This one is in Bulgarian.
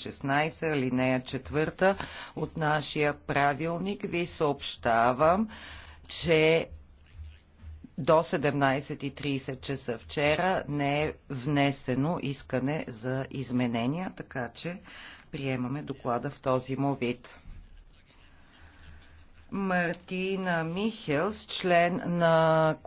16, алинея 4 от нашия правилник ви съобщавам, че до 17.30 часа вчера не е внесено искане за изменения, така че приемаме доклада в този му вид. Мартина Михелс, член на